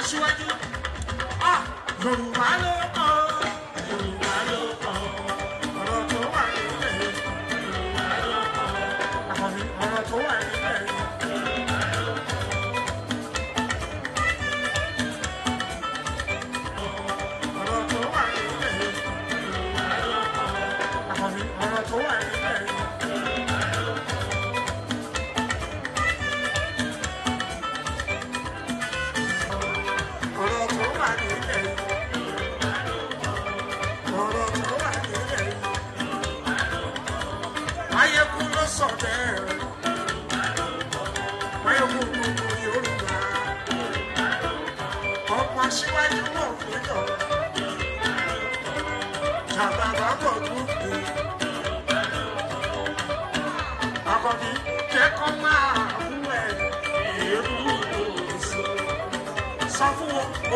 aṣíwájú ah, ló kọ́. sọ̀dẹ̀ ẹ̀rọ. Máyọ̀kú gbogbo Yorùbá. Ọmọ aṣíwájú náà fún yọ.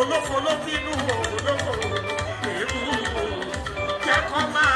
olófo ló bínú olófo èrú kẹ́kọ̀ọ́ máa.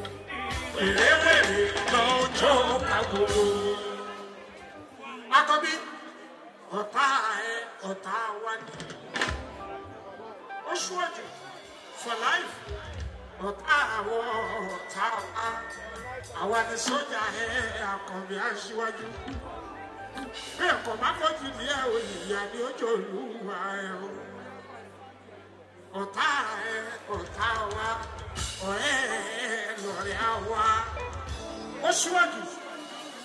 Akọbí ọ̀tá ẹ ọ̀tá wa ni. for life ọ̀tá àwọn ọ̀tá wa. Àwa ni sójà ẹ Akọbí aṣíwájú. Bí ẹ̀kọ́ máa fojú ní ẹ̀ ìyá ni ó jọ olúwa ẹ̀ o. Ọ̀tá ẹ ọ̀tá wa ọ̀rẹ́ ẹ lọ̀rẹ́ àwa. Oṣuọ̀jù.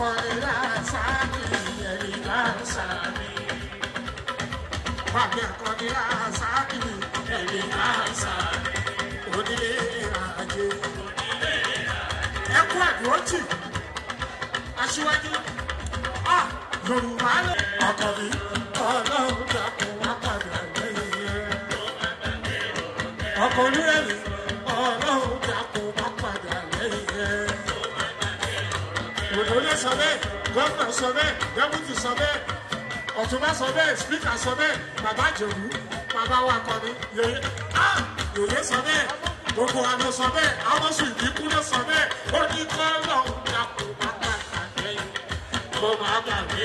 Koila Sami, Koila Sami. Bàbá Koila Sami, Koila Sami. Onílé ajé. Ẹ kú àdúró tì. Aṣíwájú. Yorùbá lè. Ọkọ mi, ọlọ́run dàpọ̀ wákàtí àgbẹ̀yẹ. Ọkọ mi. olóyè sọ bẹ́ẹ̀ gómìnà sọ bẹ́ẹ̀ dẹ́kùtì sọ bẹ́ẹ̀ ọ̀túnbá sọ bẹ́ẹ̀ spíkà sọ bẹ́ẹ̀ bàbá àjẹ̀wù bàbá wa kọ́ni yòyè yòyè sọ bẹ́ẹ̀ gbogbo àná sọ bẹ́ẹ̀ amọ̀sùn ìdínkù ló sọ bẹ́ẹ̀ ó ní kọ́ lọ́ọ̀ dàpọ̀ bàbá àgbẹ̀yìn mo máa gbàgbé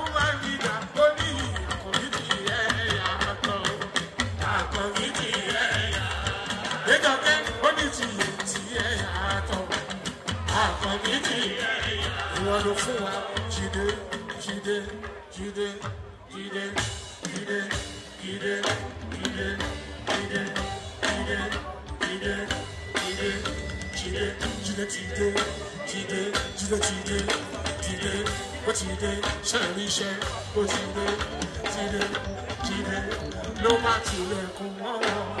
à le fond, hein. Guidé, guidé, guidé, guidé, guidé, guidé, guidé, guidé, guidé, guidé, guidé, guidé, guidé, guidé, guidé, guidé, guidé, guidé, 我记得上一生，我记得，记得，记得，罗马记得过。